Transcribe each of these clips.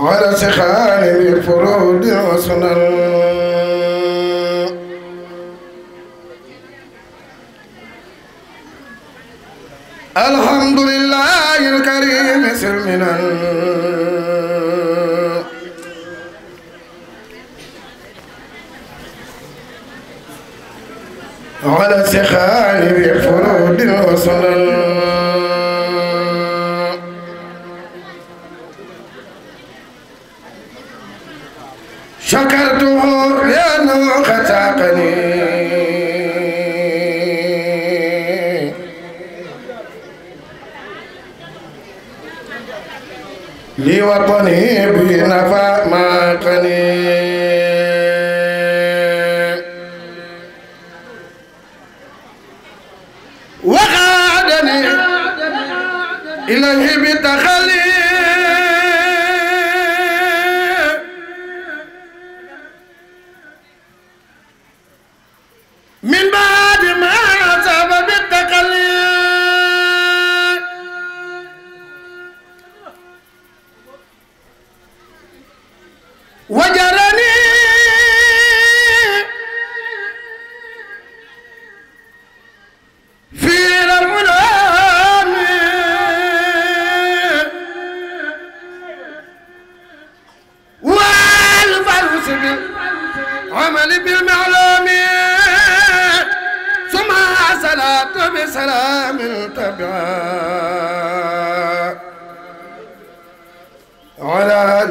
ورسخان بفروض وسنن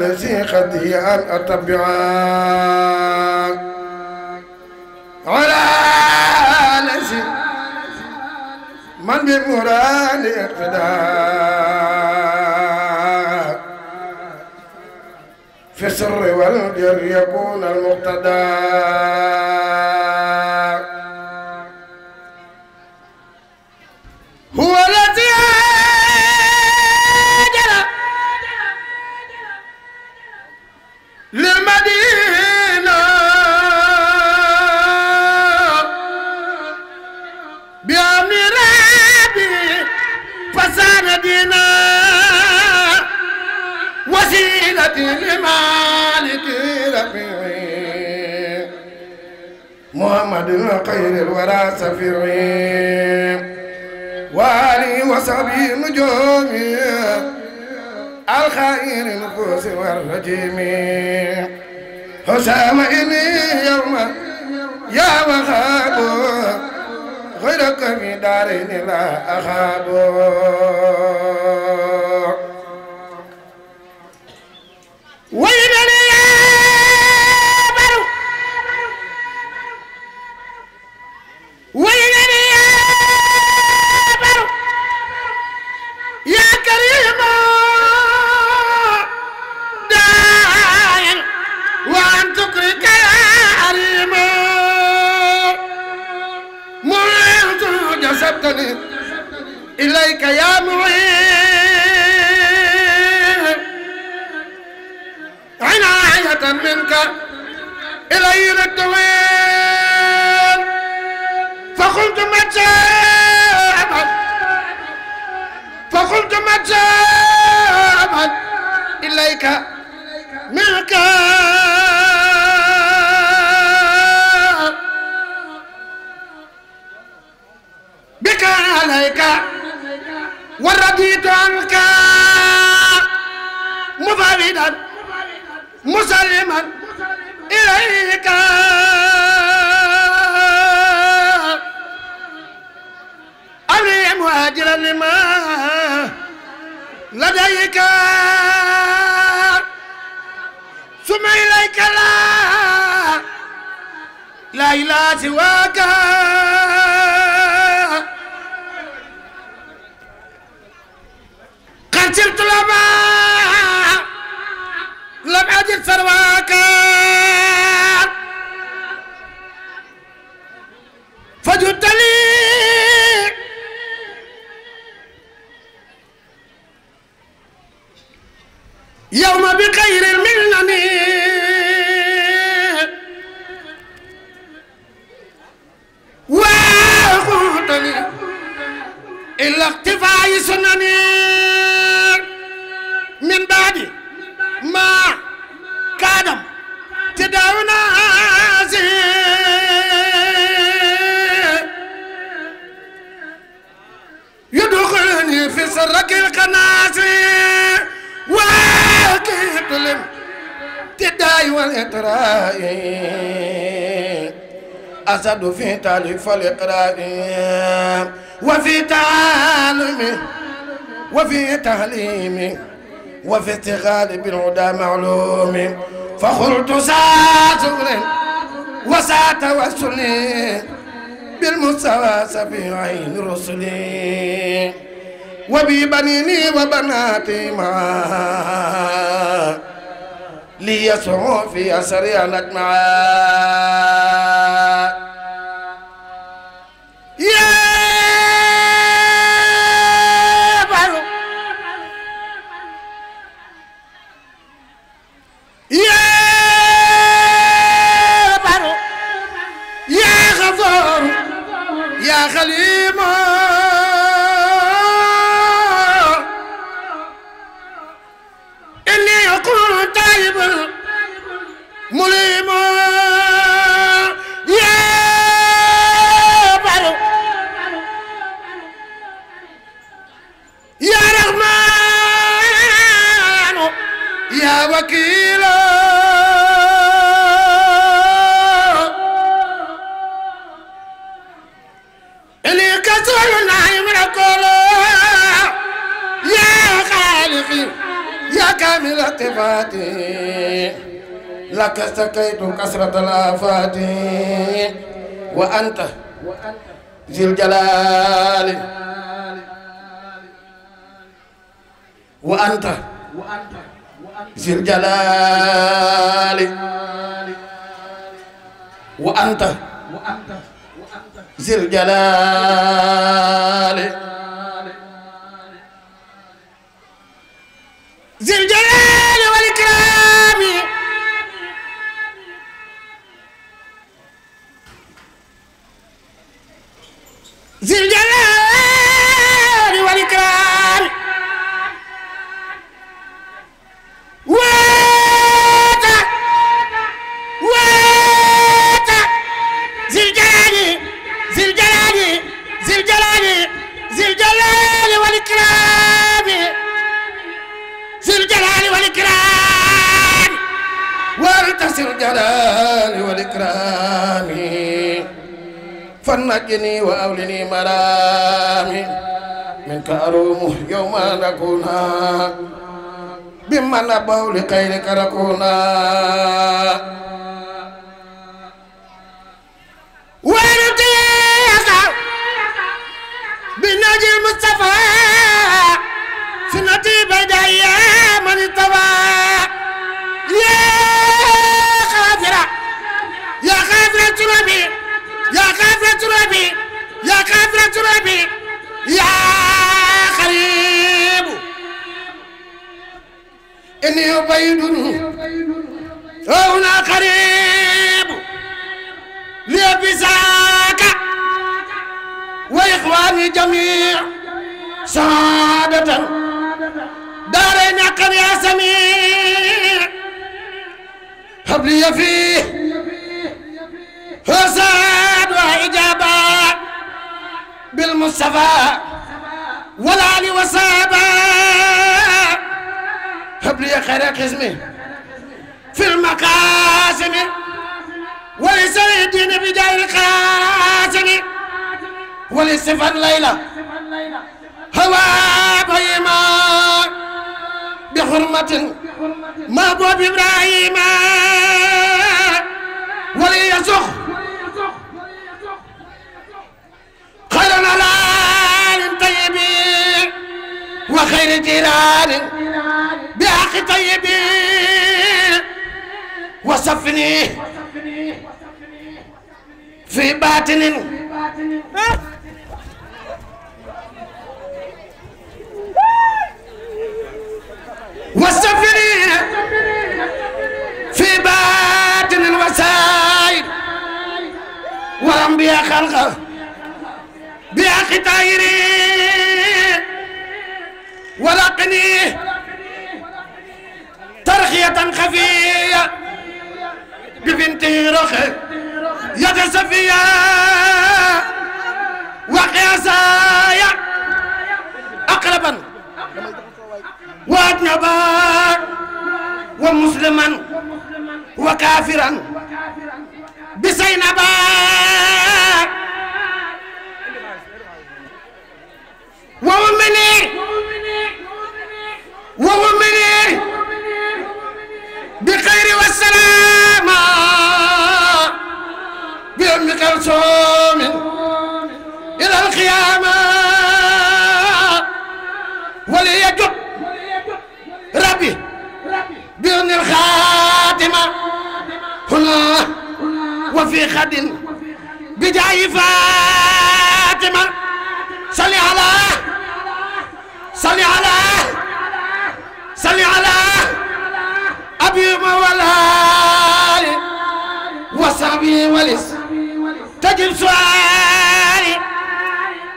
الذي قد هي أن أتبع على الذي من بمراد اقتداء في السر والجر يكون المقتدى أحمد الخير الورى سفيري وآله وصحبه النجوم الخير الفوز والرجيم حسام إني يوم يا وخاب غيرك في دارين لا أخاب فقلت متى أبعد فقلت متى أبعد إليك منك بك عليك ورديت عنك مفردا مسلما إليك مهاجرا لما لديك ثم إليك لا لا إله سواك قد سرت لما لم أجد ثرواك يوم بخير المنن وقوتني إلا اقتفاء سنني من بعد ما كادم تداونا يدخلني في سرك القناصي كيف لم تداي والإقراء أسد في تاليف الإقراء وفي تعالم وفي تعليم وفي استغال بالهدى معلوم فخلت ساتر وسات وسلي بالمستوى سبيعين رسلي وببنيني وبناتي معا ليسعوا في أسري نجمعا يا والآفات وأنت ذي الجلال وأنت ذي الجلال وأنت ذي الجلال ذي الجلال zil jalaali wal ikraam waata waata zil jalaali zil jalaali zil jalaali zil jalaali wal ikraam zil jalaali wal ikraam waata zil jalaali wal ikraam fannajini أروم يوم نكون بمن بول خيرك ركونا لدني بيد هنا قريب لبساك وإخواني جميع سعادة دارين عقل يا سميع هب لي فيه حساد وإجابة بالمصطفى والآل وصحبه تبلي خير قسمي في المقاسم ولسيدنا بداية القاسم ولسفن ليلى هوى بهيما بحرمة ما بوب إبراهيم وليزخ خير الألال طيبين وخير جيران أخي طيبي وصفني في باطن وصفني في باطن الوسائل وأنبياء خلقه بأخي طيري ولقني ترخية خفية ببنتي رخي يد سفية وقياسايا أقربا وأجنبا ومسلما وكافرا صوم إلى القيامة وليجب ربي بأن الخاتمة هنا وفي خد بجاي فاطمة صلي على صلي على صلي على أبي مولاي وصحبه ولسه تجب سؤالي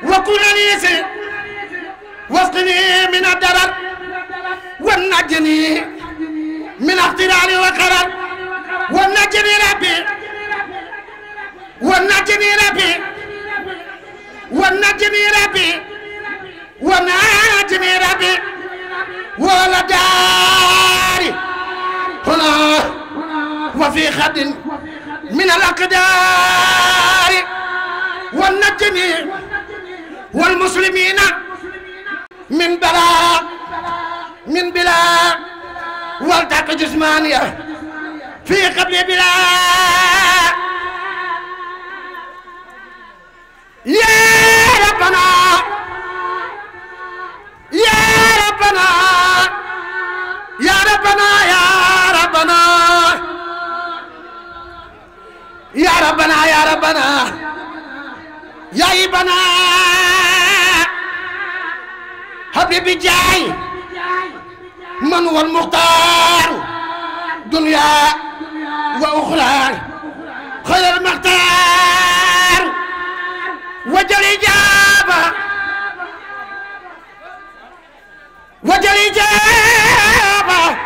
وكن لي واسقني من الدرر ونجني من اختلال وقرر ونجني ربي ونجني ربي ونجني ربي ونجني ربي ولا داري هنا وفي خد من الأقدار والنجم والمسلمين من بلاء من بلاء والتق جسمانية في قبل بلاء يا ربنا يا ربنا يا ربنا يا ربنا يا ربنا يا ربنا حبيبي جاي من هو المختار دنيا وأخرى خير المختار وجل إجابة وجل إجابة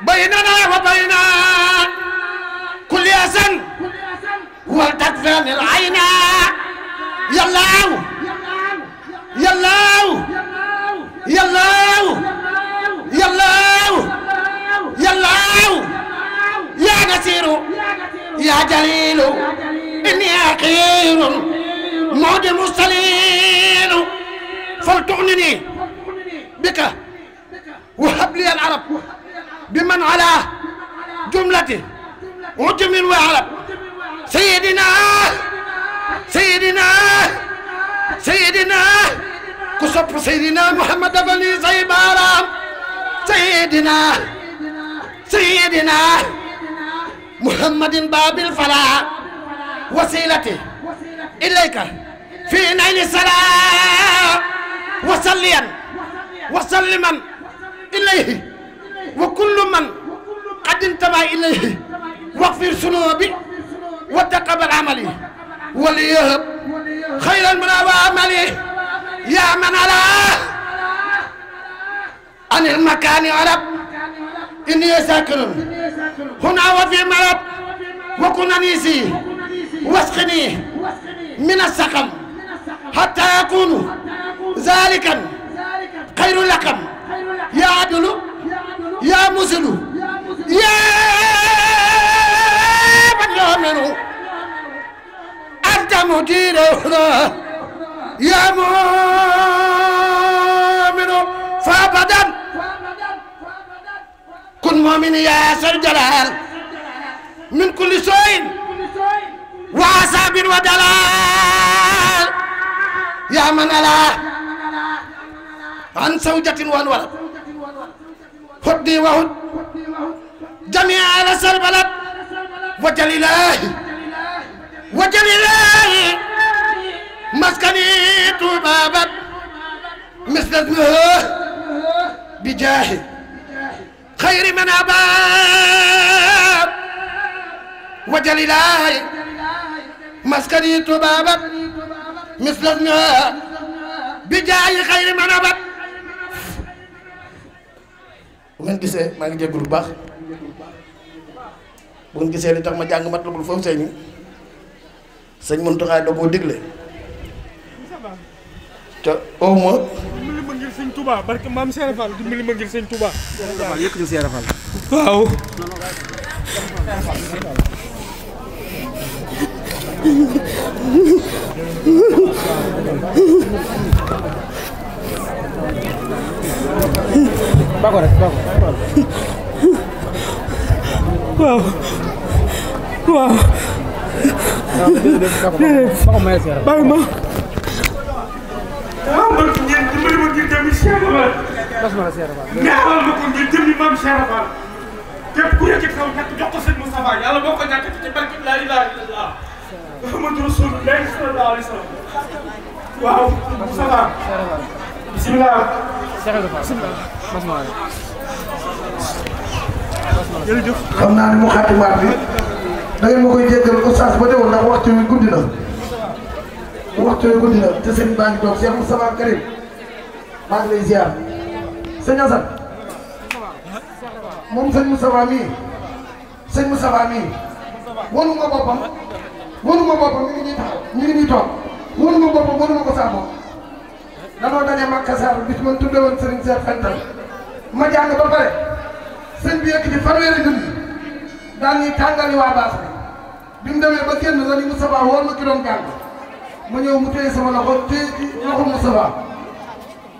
بيننا وبين كل أسن yallaaw yallaaw yallaaw yallaaw yallaaw yaa gasiiru yaa jaliilu inni aqiirun mawdi mustaliilu fal tuxnini bika wa habli al arab bi man ala jumlati ujumin wa arab sayidina سيدنا سيدنا كسب سيدنا محمد بني زيبارا سيدنا سيدنا محمد باب الفلاح وسيلتي إليك في نيل السلام وسليا وسلما إليه وكل من قد انتبه إليه واغفر ذنوبي وتقبل عملي وليهب خير المنى وعمله يا من على عن المكان عرب إني ساكن هنا وفي مرب وكن أنيسي واسقني من السقم حتى يكون ذلك خير لكم يا عدل يا مسل يا من يؤمن أنت مجير هدى يا مؤمن فأبدا كن مؤمن يا سر جلال من كل سوء وعصاب ودلال يا من ألا عن زوجة والولد هدي وهد جميع على البلد وجل إلهي وجميلان مسكني طبابك مثل اسمه بجاه خير من أباب وجل إلهي مسكني طبابك مثل اسمه بجاه خير من أباب bu ngeen gisee maa ngi jégalu bu baax bu ngeen gisee li tax ma jàng matlabul foofu seen sëñ Muntaxa da koo digle te aw ma. dimbali ma ngir sëñ Touba barke maam Seere Fall dimbali ma ngir sëñ Touba. yëkkati Seere Fall waaw. bako waaw waaw. bàyyi ma. waaw man ngeen dimbali ma ngir dem Cheikh Fall. ñaaxal ma ko ngir jëm ni maam Cheikh Fall. képp ku yëkkati sama ñàkk jox ko sëñ Moussa Ba yàlla boo ko ñàkkati ci barke laa ilaaha illallaah Muhammadu Rasulullaahi sallallaahu alayhi wa sallam. waaw Moussa Ba. bisimilah. jërëjëf. xam naa ne mu xatimaat bi. da moo koy jéggal oustaz ba déwén ndax waxtu wi guddi na waxtu wi guddi na te sëñ baa ngi toog Cheikh Moustapha Karim maa ngi lay ziar sëñ Assane moom sëñ Moustapha mii sëñ Moustapha mii wanu ma boppam wanu ma boppam mi ngi ñuy taxaw mi ngi ñuy toog wanu ma boppam wanu ma ko saa bopp danoo daje Makka Sarr bis man tuddee woon Serigne Cheikh Fental ma jàng ba pare sëñ daal ñuy tàngali waa baas bi bi mu demee ba kenn sax ni Moustapha woo ma ki doon gàng ma ñëw mu téye sama loxo téye ci loxo Moustapha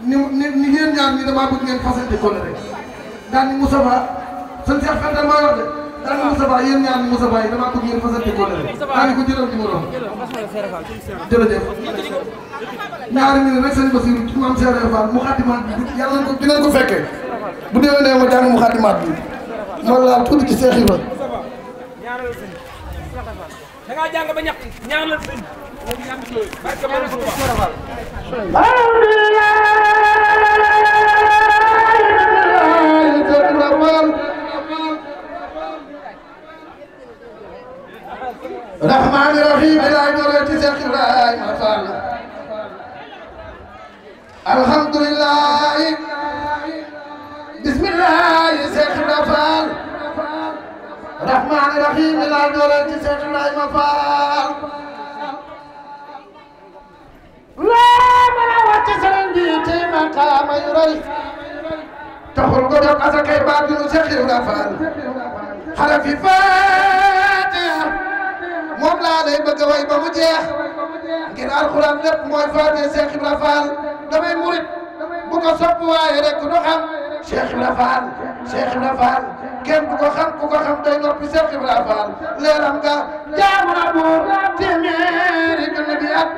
ni ni ni yéen ñaar ni damaa bëgg ngeen fasante ko rek daal ni Moustapha seen Cheikh Fanta maa yor de. daal Moustapha yéen ñaar Moustapha yi damaa bëgg ngeen fasante ko rek maa ngi ko jëlal numéro jërëjëf ñaari ñu ne rek sëñ Basiru ci maam Cheikh Fall mu ko dinañ ko fekkee bu déwénee ma jàng mu xaatimaat bi ma laal tuuti ci Cheikh Ibrahima da ngaa jàng ba ñàkk ñaan la sëñ barke Borom Tuuba rahmaani rahiim bilaay doole ci Seex Ibrahima Fall alhamdulilah bismilah Seex Ibrahima Fall rahmaani rahiim yi laa dooleel ci Seex Ibrahima Faal loo mën a wàcc sëriñ bi ci maqaama yu rëy taxul nga jot asakay baat yu Seex Ibrahima Faal xarafi Faatiha moom laa lay bëgg a way ba mu jeex ngir alxuraan lépp mooy Faatiha Seex Ibrahima Faal damay murit bu ko sopp waaye rek du Seex Ibrahima Faal kenn ku ko xam ku ko xam day noppi Seex Ibra Faal leeram nga jaamu na buur téeméeri junni bi at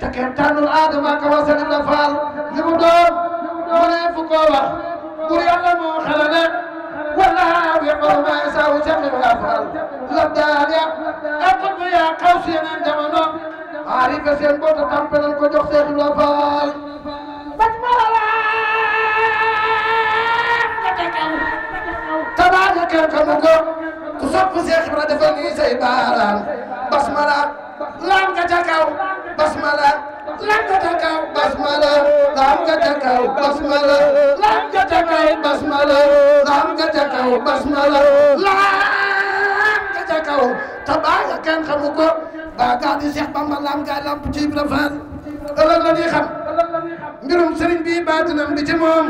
te kenn tànnul aadama ka wa Seex Ibra Faal li mu doon mu ne fu ko wax buur yàlla moo xelale wallaahu yaqulu maa yashaa'u Seex Ibra Faal la daan ya akul bi yaa xaw si yeneen jamono aarifa seen bota tampelal Faal xamu ko ku sopp Seex Ibra defal nii say baaraam basmala laam nga ca kaw basmala laam nga ca kaw basmala laam nga ca kaw basmala laam nga ca kaw basmala laam nga ca kaw basmala laam nga ca kaw te baa nga kenn xamu ko baa gaa di Seex Bamba laam nga lamp ci Ibra Faal ëllëg la ñuy xam mbirum sëriñ bi baatinam bi ci moom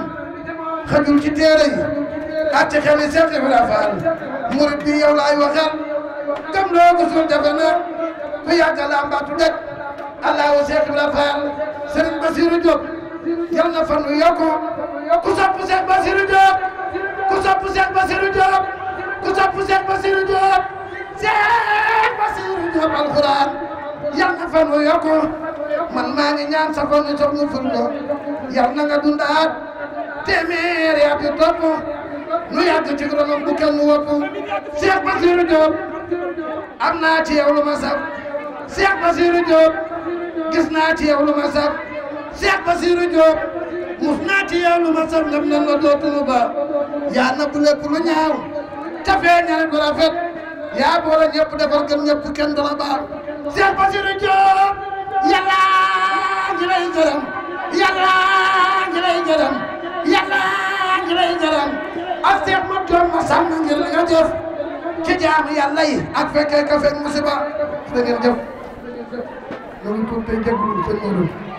xajul ci téere yi àtte xel yi seet la faal murid bi yow laay waxal comme loo ko suul defe na ku yàgg la mbaatu dëkk allahu seet la faal Serigne Bassirou Diop yal na fan yu yokku ku sopp Seex Bassirou Diop ku sopp Seex Bassirou Diop ku sopp Seex Bassirou Diop Seex Bassirou Diop na fan yu man maa ngi ñaan sa fan yu sopp mu ful na nga dundaat téeméeri at yu topp nu yàgg ci ronam bu kenn wopp Cheikh Bassirou Diop am naa ci naa ci yow lu ma saf Cheikh Bassirou Diop mus naa ci yow lu ma saf ngam nan la dootunu ba yaa na bu lu ñaaw te feeñal bu rafet yaa boole ñëpp defar gën ñëpp kenn dala baal Cheikh Bassirou Diop yàlla ngi lay gërëm yàlla ngi lay gërëm yàlla ngi lay gërëm ak Seex ma doon ma sàmm ngir li nga jëf ci jaamu yàlla yi ak fekkee ka fekk musiba da ngeen jëf ñu ngi tuub tey jégalu seen